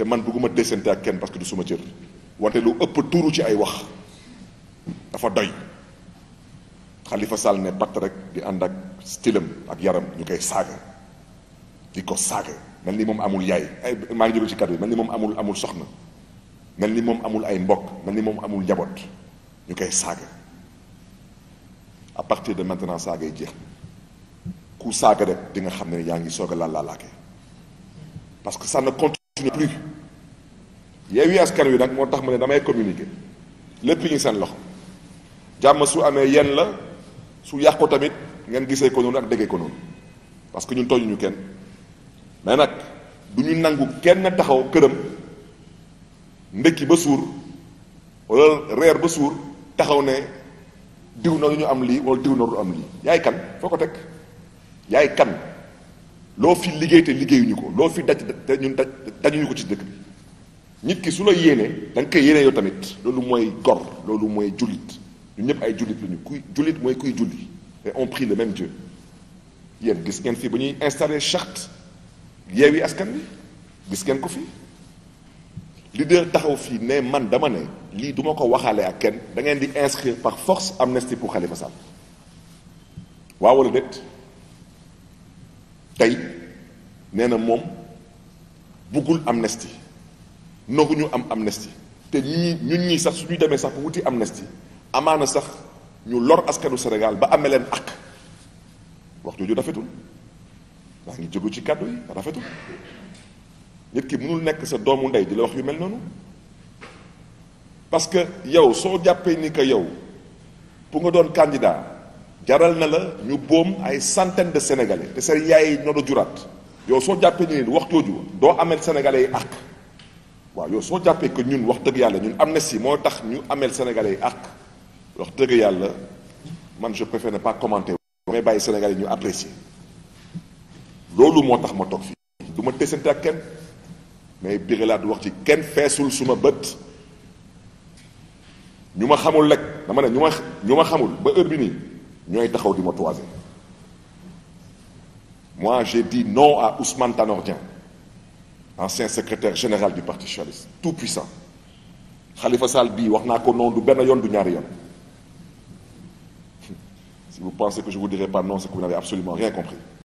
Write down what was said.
te man bëgguma desante ak kenn parce que du suma cër wante lu ëpp tuuru ci ay wax dafa doy xalifa Sall ne patt rek di ànd ak stylam ak yaram ñu koy saaga di ko saaga mel ni moom amul yaay ay maa ngi jóge ci kàddu yi mel ni moom amul amul soxna mel ni moom amul ay mbokk mel ni moom amul njaboot ñu koy saaga à partir de maintenant saaga yi jeex ku saaga rek di nga xam ne yaa ngi soog a laalaalaake parce que ça ne plus Yewwi Askan Wi nag moo tax ma ne damay communiquer lépp ñu seen loxo jàmm su amee yenn la su yàqu tamit ngeen gisee ko noonu ak déggee ko noonu parce que ñun tooñuñu kenn mais nag du ñu nangu kenn taxaw këram ndekki ba suur wala reer ba suur taxaw ne diw na ñu am lii wala diw na du am lii yaay kan foo ko teg yaay kan loo fi liggéey te liggéeyuñu ko loo fi daj te ñun daj dajuñu ko ci dëkk bi nit ki su la yéenee da nga koy yéenee yow tamit loolu mooy gor loolu mooy jullit ñun ñëpp ay jullit lañu kuy jullit mooy kuy julli et on prie de même Dieu yéen gis ngeen fii ba ñuy installé charte Yewwi Askan Wi gis ngeen ko fii leader taxaw fii ne man dama ne lii du ko waxaale ak kenn da ngeen di inscrire par force amnistie pour Khalifa Sall waaw wala déet tey nee na moom buggul amnistie nooku ñu am amnistie te ñii ñu ñii sax su suñuy demee sax bu wuti amnistie amaana sax ñu lor askanu Sénégal ba amee leen ak wax jooju rafetul maa ngi jógu ci kàddu yi rafetul nit ki mënul nekk sa doomu ndey di la wax yu mel noonu parce que yow soo jàppee ni que yow pour nga doon candidat jaral na la ñu boom ay centaines de sénégalais te sa yaay yi ñoo juraat yow soo jàppee ni wax jooju doo amee sénégalais yi ak waaw yow soo jàppee que ñun wax dëgg yàlla ñun amnistie moo tax ñu ameel sénégalais yi ak wax dëgg yàlla man je préfère ne pas commenter mais bàyyi sénégalais yi ñu apprécier loolu moo tax ma toog fii du ma tesante ak kenn mais Biré laa du wax ci kenn feesul suma bët ñu ma xamul rek dama ne ñu ma ñu ma xamul ba heure bi nii ñooy taxaw di ma toiser moi j'ai di non à Ousmane Tanor Dieng ancien secrétaire général du parti socialiste tout puissant Khalifa Sall bii wax naa ko non du benn yoon du ñaari yoon si vous pensez que je vous dirai pas non c'est que vous n'avez absolument rien compris